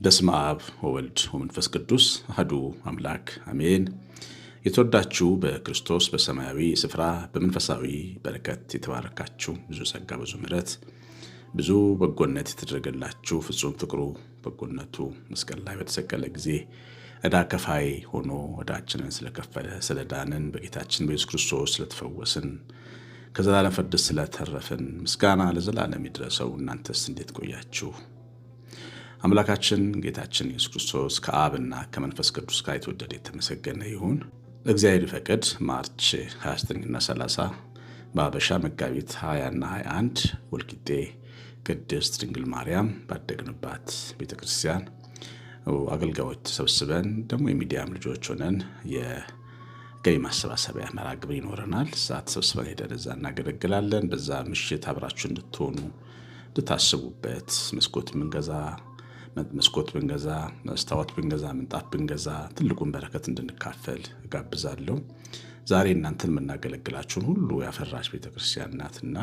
በስመ አብ ወወልድ ወመንፈስ ቅዱስ አህዱ አምላክ አሜን። የተወዳችሁ በክርስቶስ በሰማያዊ ስፍራ በመንፈሳዊ በረከት የተባረካችሁ ብዙ ጸጋ ብዙ ምሕረት ብዙ በጎነት የተደረገላችሁ ፍጹም ፍቅሩ በጎነቱ መስቀል ላይ በተሰቀለ ጊዜ ዕዳ ከፋይ ሆኖ ዕዳችንን ስለከፈለ ስለዳንን በጌታችን በኢየሱስ ክርስቶስ ስለተፈወስን ከዘላለም ፍርድ ስለተረፍን ምስጋና ለዘላለም ይድረሰው። እናንተስ እንዴት ቆያችሁ? አምላካችን ጌታችን ኢየሱስ ክርስቶስ ከአብና ከመንፈስ ቅዱስ ጋር የተወደደ የተመሰገነ ይሁን። እግዚአብሔር ፈቅድ ማርች 29ና 30 በአበሻ መጋቢት 20ና 21 ወልቂጤ ቅድስት ድንግል ማርያም ባደግንባት ቤተክርስቲያን አገልጋዮች ተሰብስበን ደግሞ የሚዲያም ልጆች ሆነን የገቢ ማሰባሰቢያ መርሃ ግብር ይኖረናል። እዛ ተሰብስበን ሄደን እዛ እናገለግላለን። በዛ ምሽት አብራችሁ እንድትሆኑ እንድታስቡበት መስኮት ብንገዛ መስኮት ብንገዛ መስታወት ብንገዛ ምንጣፍ ብንገዛ ትልቁን በረከት እንድንካፈል እጋብዛለሁ። ዛሬ እናንተን የምናገለግላችሁን ሁሉ ያፈራች ቤተክርስቲያን ናትና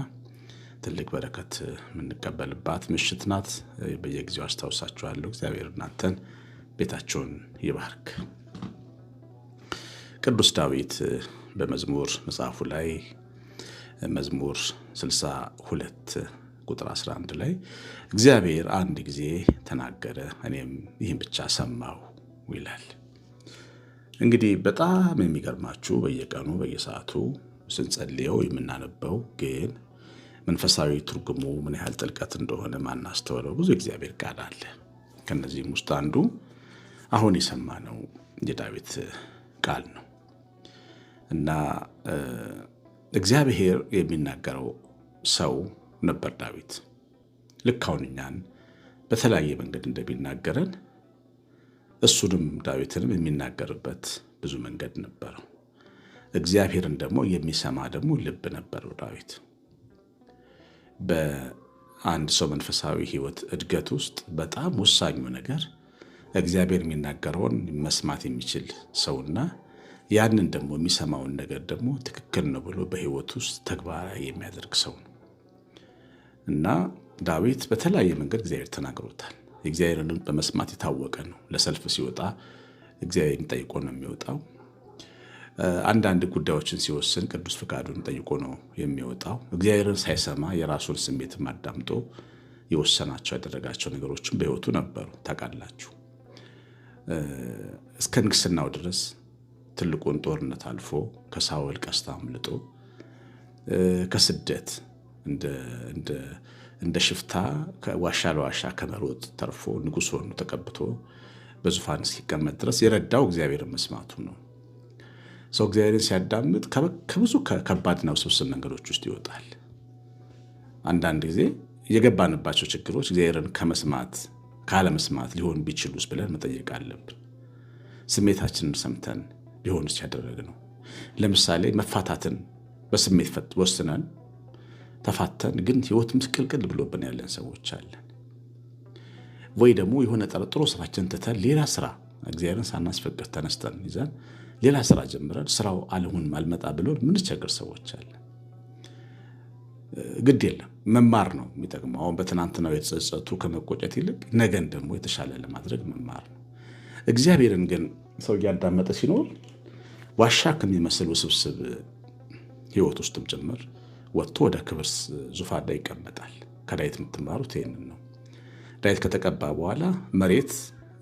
ትልቅ በረከት የምንቀበልባት ምሽት ናት። በየጊዜው አስታውሳችኋለሁ። እግዚአብሔር እናንተን ቤታቸውን ይባርክ። ቅዱስ ዳዊት በመዝሙር መጽሐፉ ላይ መዝሙር 62 ቁጥር 11 ላይ እግዚአብሔር አንድ ጊዜ ተናገረ፣ እኔም ይህን ብቻ ሰማሁ ይላል። እንግዲህ በጣም የሚገርማችሁ በየቀኑ በየሰዓቱ ስንጸልየው የምናነበው ግን መንፈሳዊ ትርጉሙ ምን ያህል ጥልቀት እንደሆነ ማናስተውለው ብዙ እግዚአብሔር ቃል አለ። ከነዚህም ውስጥ አንዱ አሁን የሰማነው የዳዊት ቃል ነው እና እግዚአብሔር የሚናገረው ሰው ነበር ዳዊት። ልክ አሁን እኛን በተለያየ መንገድ እንደሚናገረን እሱንም ዳዊትንም የሚናገርበት ብዙ መንገድ ነበረው። እግዚአብሔርን ደግሞ የሚሰማ ደግሞ ልብ ነበረው ዳዊት። በአንድ ሰው መንፈሳዊ ህይወት እድገት ውስጥ በጣም ወሳኙ ነገር እግዚአብሔር የሚናገረውን መስማት የሚችል ሰውና ያንን ደግሞ የሚሰማውን ነገር ደግሞ ትክክል ነው ብሎ በህይወት ውስጥ ተግባራዊ የሚያደርግ ሰው ነው እና ዳዊት በተለያየ መንገድ እግዚአብሔር ተናግሮታል። የእግዚአብሔርን በመስማት የታወቀ ነው። ለሰልፍ ሲወጣ እግዚአብሔር የሚጠይቆ ነው የሚወጣው። አንዳንድ ጉዳዮችን ሲወስን ቅዱስ ፍቃዱን ጠይቆ ነው የሚወጣው። እግዚአብሔርን ሳይሰማ የራሱን ስሜትም አዳምጦ የወሰናቸው ያደረጋቸው ነገሮችም በህይወቱ ነበሩ። ታውቃላችሁ፣ እስከ ንግስናው ድረስ ትልቁን ጦርነት አልፎ ከሳውል ቀስታ አምልጦ ከስደት እንደ ሽፍታ ዋሻ ለዋሻ ከመሮጥ ተርፎ ንጉሥ ሆኖ ተቀብቶ በዙፋን እስኪቀመጥ ድረስ የረዳው እግዚአብሔር መስማቱ ነው። ሰው እግዚአብሔርን ሲያዳምጥ ከብዙ ከባድና ውስብስብ መንገዶች ውስጥ ይወጣል። አንዳንድ ጊዜ የገባንባቸው ችግሮች እግዚአብሔርን ከመስማት ካለመስማት ሊሆን ቢችሉስ ብለን መጠየቅ አለብን። ስሜታችንን ሰምተን ሊሆንስ ያደረግ ነው። ለምሳሌ መፋታትን በስሜት ወስነን ተፋተን ግን ህይወት ምስቅልቅል ብሎብን ያለን ሰዎች አለን። ወይ ደግሞ የሆነ ጠረጥሮ ስራችን ትተን ሌላ ስራ እግዚአብሔርን ሳናስፈቅድ ተነስተን ይዘን ሌላ ስራ ጀምረን ስራው አልሁን አልመጣ ብሎን ምንቸገር ሰዎች አለ። ግድ የለም መማር ነው የሚጠቅመው። አሁን በትናንትናው የተጸጸቱ ከመቆጨት ይልቅ ነገን ደግሞ የተሻለ ለማድረግ መማር ነው። እግዚአብሔርን ግን ሰው እያዳመጠ ሲኖር ዋሻ ከሚመስል ውስብስብ ህይወት ውስጥም ጭምር ወጥቶ ወደ ክብር ዙፋን ላይ ይቀመጣል። ከዳዊት የምትማሩት ይህንን ነው። ዳዊት ከተቀባ በኋላ መሬት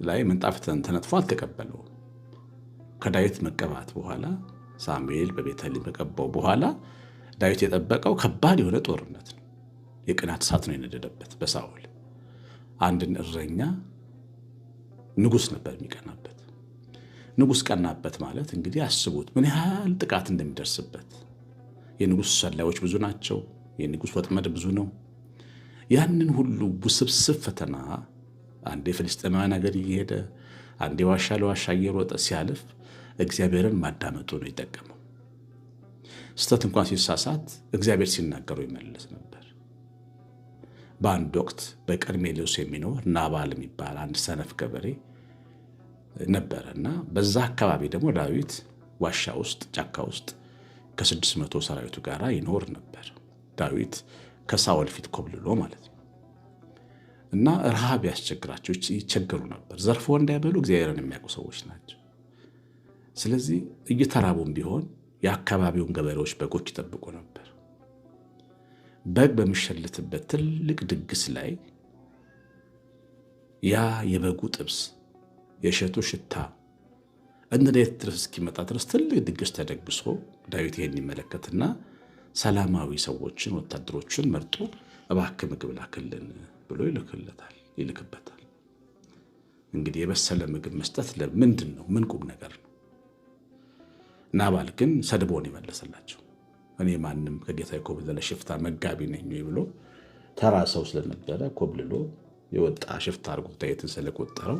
ላይ ምንጣፍ ተነጥፎ አልተቀበለውም። ከዳዊት መቀባት በኋላ ሳሙኤል በቤተልሔም ከቀባው በኋላ ዳዊት የጠበቀው ከባድ የሆነ ጦርነት ነው። የቅናት እሳት ነው የነደደበት በሳውል አንድን እረኛ ንጉስ ነበር የሚቀናበት። ንጉስ ቀናበት ማለት እንግዲህ አስቡት ምን ያህል ጥቃት እንደሚደርስበት። የንጉስ ሰላዮች ብዙ ናቸው። የንጉስ ወጥመድ ብዙ ነው። ያንን ሁሉ ውስብስብ ፈተና አንዴ ፍልስጤማውያን ሀገር እየሄደ አንዴ ዋሻ ለዋሻ እየሮጠ ሲያልፍ እግዚአብሔርን ማዳመጡ ነው የጠቀመው። ስህተት እንኳን ሲሳሳት እግዚአብሔር ሲናገሩ ይመለስ ነበር። በአንድ ወቅት በቀርሜሌዎስ የሚኖር ናባል የሚባል አንድ ሰነፍ ገበሬ ነበረ እና በዛ አካባቢ ደግሞ ዳዊት ዋሻ ውስጥ ጫካ ውስጥ ከስድስት መቶ ሰራዊቱ ጋር ይኖር ነበር። ዳዊት ከሳውል ፊት ኮብልሎ ማለት ነው እና ረሃብ ያስቸግራቸው ይቸገሩ ነበር። ዘርፎ እንዳይበሉ እግዚአብሔርን የሚያውቁ ሰዎች ናቸው። ስለዚህ እየተራቡም ቢሆን የአካባቢውን ገበሬዎች በጎች ይጠብቁ ነበር። በግ በሚሸልትበት ትልቅ ድግስ ላይ ያ የበጉ ጥብስ፣ የእሸቱ ሽታ እንደ ሌት ድረስ እስኪመጣ ድረስ ትልቅ ድግስ ተደግሶ ዳዊት ይሄን ይመለከትና ሰላማዊ ሰዎችን ወታደሮችን መርጦ እባክህ ምግብ ላክልን ብሎ ይልክለታል ይልክበታል። እንግዲህ የበሰለ ምግብ መስጠት ለምንድን ነው? ምን ቁም ነገር ነው? ናባል ግን ሰድቦን ይመለሰላቸው እኔ ማንም ከጌታ የኮብለለ ሽፍታ መጋቢ ነኝ ብሎ ተራ ሰው ስለነበረ ኮብልሎ የወጣ ሽፍታ አድርጎ ዳዊትን ስለቆጠረው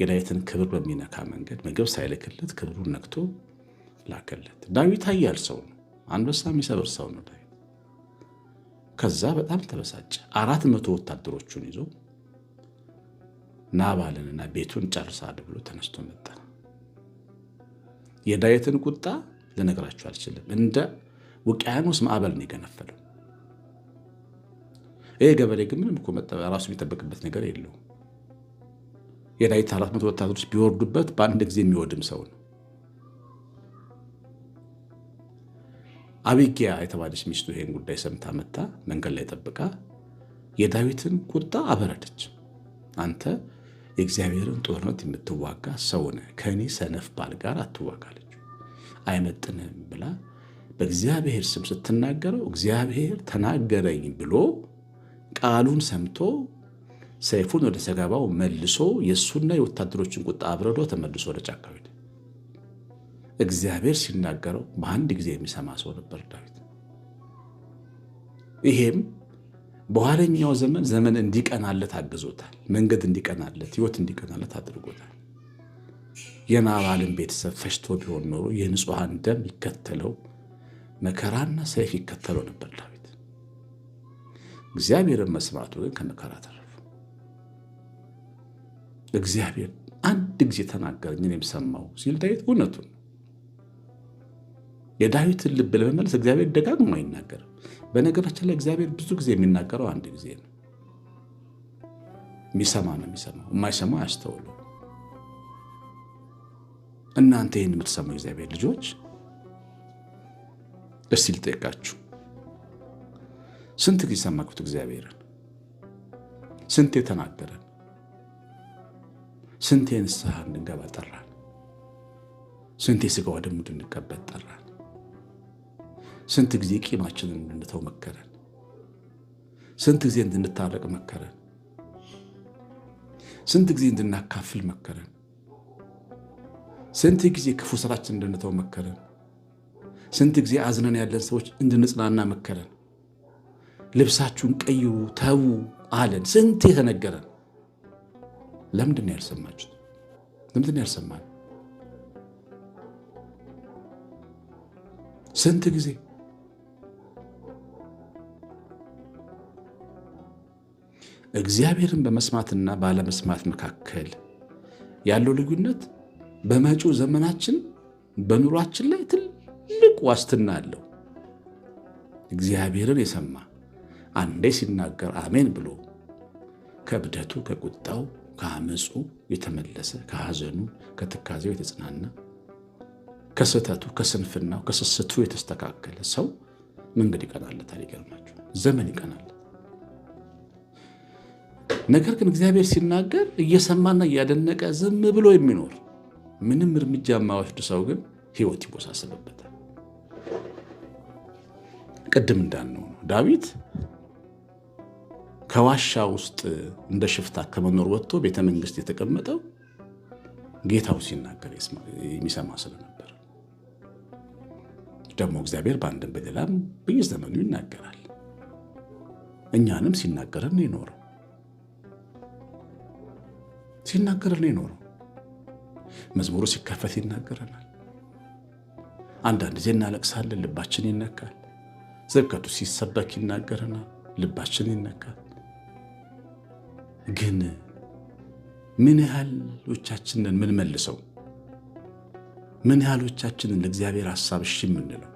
የዳዊትን ክብር በሚነካ መንገድ ምግብ ሳይልክለት ክብሩን ነክቶ ላከለት። ዳዊት አያል ሰው ነው። አንበሳ የሚሰብር ሰው ነው ዳዊት። ከዛ በጣም ተበሳጨ። አራት መቶ ወታደሮቹን ይዞ ናባልንና ቤቱን ጨርሳል ብሎ ተነስቶ መጣ። የዳዊትን ቁጣ ልነግራችሁ አልችልም። እንደ ውቅያኖስ ማዕበል ነው የገነፈለው። ይህ ገበሬ ግን ምንም እኮ ራሱ የሚጠበቅበት ነገር የለው። የዳዊት አራት መቶ ወታደሮች ቢወርዱበት በአንድ ጊዜ የሚወድም ሰው ነው። አቢጊያ የተባለች ሚስቱ ይሄን ጉዳይ ሰምታ መታ መንገድ ላይ ጠብቃ የዳዊትን ቁጣ አበረደች። አንተ የእግዚአብሔርን ጦርነት የምትዋጋ ሰውነ ከእኔ ሰነፍ ባል ጋር አትዋጋለች አይመጥንህም ብላ በእግዚአብሔር ስም ስትናገረው እግዚአብሔር ተናገረኝ ብሎ ቃሉን ሰምቶ ሰይፉን ወደ ሰገባው መልሶ የእሱና የወታደሮችን ቁጣ አብረዶ ተመልሶ ወደ ጫካ ሄደ። እግዚአብሔር ሲናገረው በአንድ ጊዜ የሚሰማ ሰው ነበር ዳዊት። ይሄም በኋለኛው ዘመን ዘመን እንዲቀናለት አግዞታል። መንገድ እንዲቀናለት፣ ህይወት እንዲቀናለት አድርጎታል። የናባልን ቤተሰብ ፈሽቶ ቢሆን ኖሮ የንጹሐን ደም ይከተለው፣ መከራና ሰይፍ ይከተለው ነበር ዳዊት። እግዚአብሔርን መስማቱ ግን ከመከራ ተረፉ። እግዚአብሔር አንድ ጊዜ ተናገረኝ እኔም ሰማሁ ሲል ዳዊት እውነቱን የዳዊትን ልብ ለመመለስ እግዚአብሔር ደጋግሞ አይናገርም። በነገራችን ላይ እግዚአብሔር ብዙ ጊዜ የሚናገረው አንድ ጊዜ ነው። የሚሰማ ነው የሚሰማው፣ የማይሰማው አያስተውሉ። እናንተ ይህን የምትሰሙ እግዚአብሔር ልጆች እስቲ ልጠይቃችሁ፣ ስንት ጊዜ ሰማኩት እግዚአብሔርን? ስንት የተናገረን? ስንት የንስሐ እንድንገባ ጠራን? ስንት የስጋ ወደሙ እንድንቀበል ጠራን? ስንት ጊዜ ቂማችንን እንድንተው መከረን፣ ስንት ጊዜ እንድንታረቅ መከረን፣ ስንት ጊዜ እንድናካፍል መከረን፣ ስንት ጊዜ ክፉ ስራችን እንድንተው መከረን፣ ስንት ጊዜ አዝነን ያለን ሰዎች እንድንጽናና መከረን። ልብሳችሁን ቀይሩ ተዉ አለን። ስንት የተነገረን። ለምንድን ነው ያልሰማችሁት? ለምንድን ያልሰማን? ስንት ጊዜ እግዚአብሔርን በመስማትና ባለመስማት መካከል ያለው ልዩነት በመጪው ዘመናችን በኑሯችን ላይ ትልቅ ዋስትና አለው። እግዚአብሔርን የሰማ አንዴ ሲናገር አሜን ብሎ ከብደቱ፣ ከቁጣው፣ ከአመፁ የተመለሰ ከሐዘኑ፣ ከትካዜው የተጽናና ከስህተቱ፣ ከስንፍናው፣ ከስስቱ የተስተካከለ ሰው መንገድ ይቀናለታል። ይገርማችሁ ዘመን ይቀናል። ነገር ግን እግዚአብሔር ሲናገር እየሰማና እያደነቀ ዝም ብሎ የሚኖር ምንም እርምጃ የማይወስድ ሰው ግን ህይወት ይወሳሰብበታል። ቅድም እንዳልነው ነው ዳዊት ከዋሻ ውስጥ እንደ ሽፍታ ከመኖር ወጥቶ ቤተ መንግስት የተቀመጠው ጌታው ሲናገር የሚሰማ ስለነበር፣ ደግሞ እግዚአብሔር በአንድም በሌላም በየዘመኑ ይናገራል። እኛንም ሲናገረን ይኖረው ሲናገርልን የኖረው መዝሙሩ ሲከፈት ይናገረናል። አንዳንድ ጊዜ እናለቅሳለን፣ ልባችን ይነካል። ስብከቱ ሲሰበክ ይናገረናል፣ ልባችን ይነካል። ግን ምን ያህሎቻችንን ምንመልሰው? ምን ያህሎቻችንን ለእግዚአብሔር ሐሳብ እሺ የምንለው?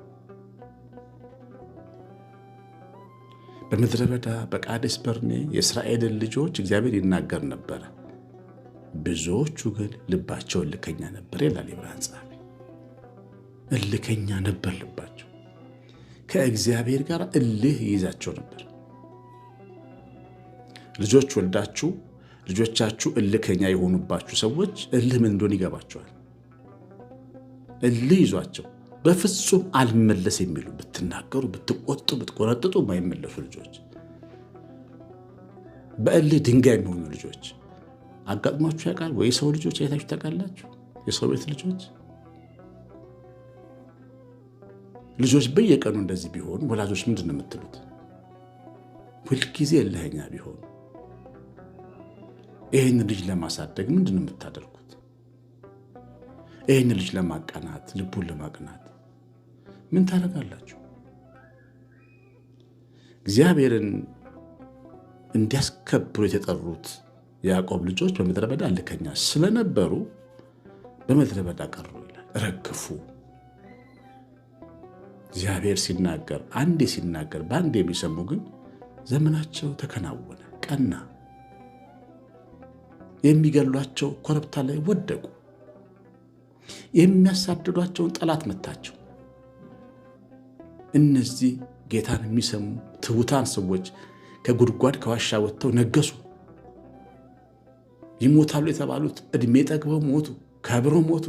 በምድረ በዳ በቃዴስ በርኔ የእስራኤልን ልጆች እግዚአብሔር ይናገር ነበረ። ብዙዎቹ ግን ልባቸው እልከኛ ነበር ይላል የብርሃን ጸሐፊ። እልከኛ ነበር ልባቸው፣ ከእግዚአብሔር ጋር እልህ ይይዛቸው ነበር። ልጆች ወልዳችሁ ልጆቻችሁ እልከኛ የሆኑባችሁ ሰዎች እልህ ምን እንደሆን ይገባቸዋል። እልህ ይዟቸው በፍጹም አልመለስ የሚሉ ብትናገሩ፣ ብትቆጡ፣ ብትቆረጥጡ የማይመለሱ ልጆች፣ በእልህ ድንጋይ የሚሆኑ ልጆች አጋጥሟችሁ ያውቃል ወይ? የሰው ልጆች አይታችሁ ታውቃላችሁ? የሰው ቤት ልጆች ልጆች በየቀኑ እንደዚህ ቢሆኑ ወላጆች ምንድን ነው የምትሉት? ሁልጊዜ እልኸኛ ቢሆኑ ይህን ልጅ ለማሳደግ ምንድን ነው የምታደርጉት? ይህን ልጅ ለማቀናት ልቡን ለማቅናት ምን ታደርጋላችሁ? እግዚአብሔርን እንዲያስከብሩ የተጠሩት የያዕቆብ ልጆች በምድረ በዳ ልከኛ ስለነበሩ በምድረ በዳ ቀሩ ይላል። ረግፉ እግዚአብሔር ሲናገር አንዴ ሲናገር በአንድ የሚሰሙ ግን ዘመናቸው ተከናወነ፣ ቀና። የሚገሏቸው ኮረብታ ላይ ወደቁ። የሚያሳድዷቸውን ጠላት መታቸው። እነዚህ ጌታን የሚሰሙ ትውታን ሰዎች ከጉድጓድ ከዋሻ ወጥተው ነገሱ። ይሞታሉ የተባሉት እድሜ ጠግበው ሞቱ፣ ከብረው ሞቱ።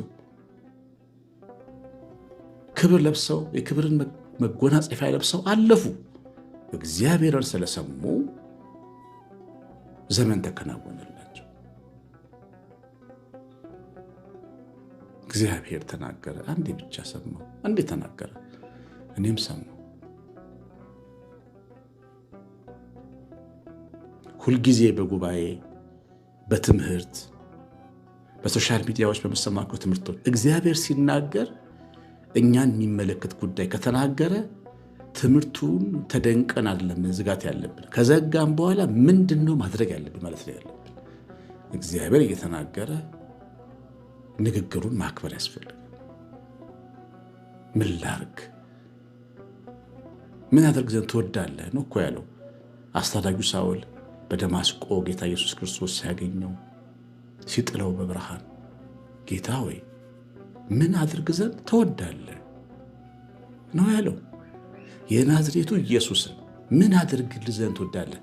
ክብር ለብሰው የክብርን መጎናጸፊያ ለብሰው አለፉ። እግዚአብሔርን ስለሰሙ ዘመን ተከናወነላቸው። እግዚአብሔር ተናገረ። አንዴ ብቻ ሰማሁ። አንዴ ተናገረ፣ እኔም ሰማሁ። ሁልጊዜ በጉባኤ በትምህርት በሶሻል ሚዲያዎች በሚሰማኩ ትምህርቶች እግዚአብሔር ሲናገር እኛን የሚመለከት ጉዳይ ከተናገረ ትምህርቱን ተደንቀን አይደለም መዝጋት ያለብን። ከዘጋም በኋላ ምንድን ነው ማድረግ ያለብን ማለት ነው ያለብን። እግዚአብሔር እየተናገረ ንግግሩን ማክበር ያስፈልጋል። ምን ላርግ፣ ምን ያደርግ ዘንድ ትወዳለህ ነው እኮ ያለው አስታዳጊው ሳውል በደማስቆ ጌታ ኢየሱስ ክርስቶስ ሲያገኘው ሲጥለው በብርሃን ጌታ ወይ ምን አድርግ ዘንድ ትወዳለህ ነው ያለው። የናዝሬቱ ኢየሱስን ምን አድርግልህ ዘንድ ትወዳለህ?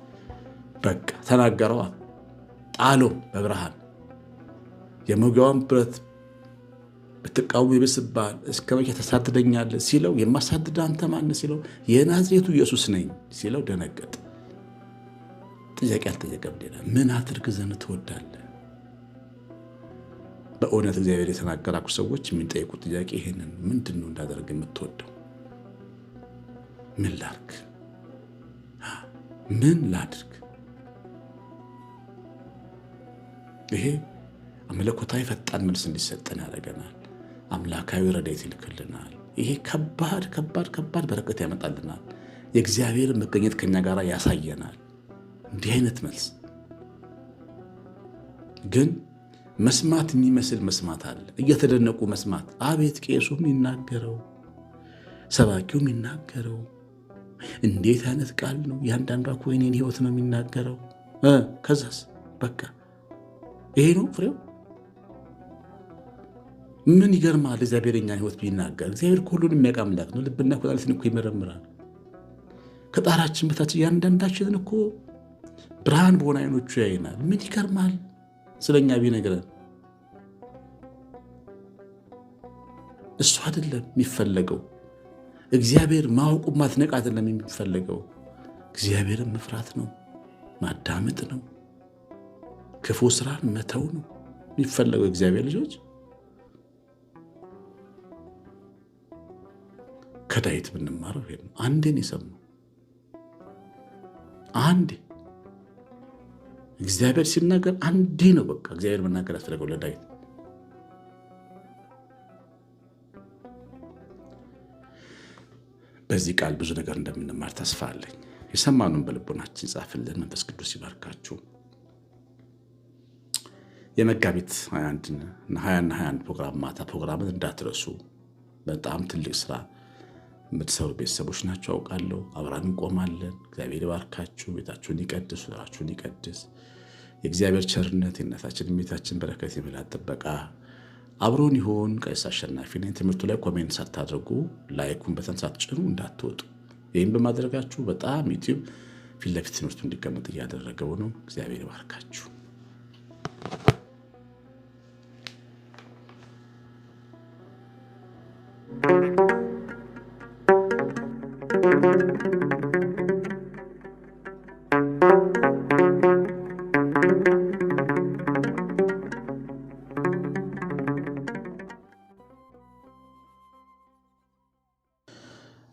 በቃ ተናገረዋ። ጣሎ በብርሃን የመውጊያውን ብረት ብትቃወም ይብስብሃል፣ እስከ መቼ ታሳድደኛለህ ሲለው የማሳድድ አንተ ማነህ ሲለው የናዝሬቱ ኢየሱስ ነኝ ሲለው ደነገጠ። ጥያቄ አልጠየቀም። ሌላ ምን አድርግ ዘንድ ትወዳለህ? በእውነት እግዚአብሔር የተናገራኩ ሰዎች የሚጠይቁት ጥያቄ ይህንን ምንድን ነው እንዳደርግ የምትወደው? ምን ላርግ? ምን ላድርግ? ይሄ አመለኮታዊ ፈጣን መልስ እንዲሰጠን ያደርገናል። አምላካዊ ረዳት ይልክልናል። ይሄ ከባድ ከባድ ከባድ በረከት ያመጣልናል። የእግዚአብሔር መገኘት ከኛ ጋር ያሳየናል። እንዲህ አይነት መልስ ግን መስማት የሚመስል መስማት አለ። እየተደነቁ መስማት አቤት ቄሱ የሚናገረው ሰባኪው የሚናገረው እንዴት አይነት ቃል ነው! የአንዳንዱ እኮ ህይወት ነው የሚናገረው። ከዛስ በቃ ይሄ ነው ፍሬው። ምን ይገርማል! እግዚአብሔር ህይወት ቢናገር፣ እግዚአብሔር ሁሉን የሚያውቅ አምላክ ነው። ልብና ኩላሊትን እኮ ይመረምራል። ከጣራችን በታች እያንዳንዳችንን እኮ ብርሃን በሆነ አይኖቹ ያይናል። ምን ይገርማል ስለኛ ቢነግረን። እሱ አይደለም የሚፈለገው። እግዚአብሔር ማወቁ ማትነቅ አይደለም የሚፈለገው። እግዚአብሔርን መፍራት ነው፣ ማዳመጥ ነው፣ ክፉ ስራን መተው ነው የሚፈለገው። እግዚአብሔር ልጆች ከዳዊት ብንማረው አንዴን የሰማው አንዴ እግዚአብሔር ሲናገር አንዴ ነው በቃ እግዚአብሔር መናገር ያስፈለገው ለዳዊት። በዚህ ቃል ብዙ ነገር እንደምንማር ተስፋ አለኝ። የሰማኑን በልቦናችን ጻፍልን። መንፈስ ቅዱስ ይባርካችሁ። የመጋቢት 21 እና 21 ፕሮግራም ማታ ፕሮግራምን እንዳትረሱ። በጣም ትልቅ ስራ የምትሰሩ ቤተሰቦች ናቸው አውቃለሁ። አብራን እንቆማለን። እግዚአብሔር ይባርካችሁ፣ ቤታችሁን ይቀድስ፣ ስራችሁን ይቀድስ። የእግዚአብሔር ቸርነት የእናታችን ሜታችን በረከት የመላት ጥበቃ አብሮን ይሆን። ቀሲስ አሸናፊ ነኝ። ትምህርቱ ላይ ኮሜንት ሳታደርጉ ላይኩን በተን ሳትጭኑ እንዳትወጡ። ይህም በማድረጋችሁ በጣም ዩቲዩብ ፊትለፊት ትምህርቱ እንዲቀመጥ እያደረገው ነው። እግዚአብሔር ይባርካችሁ።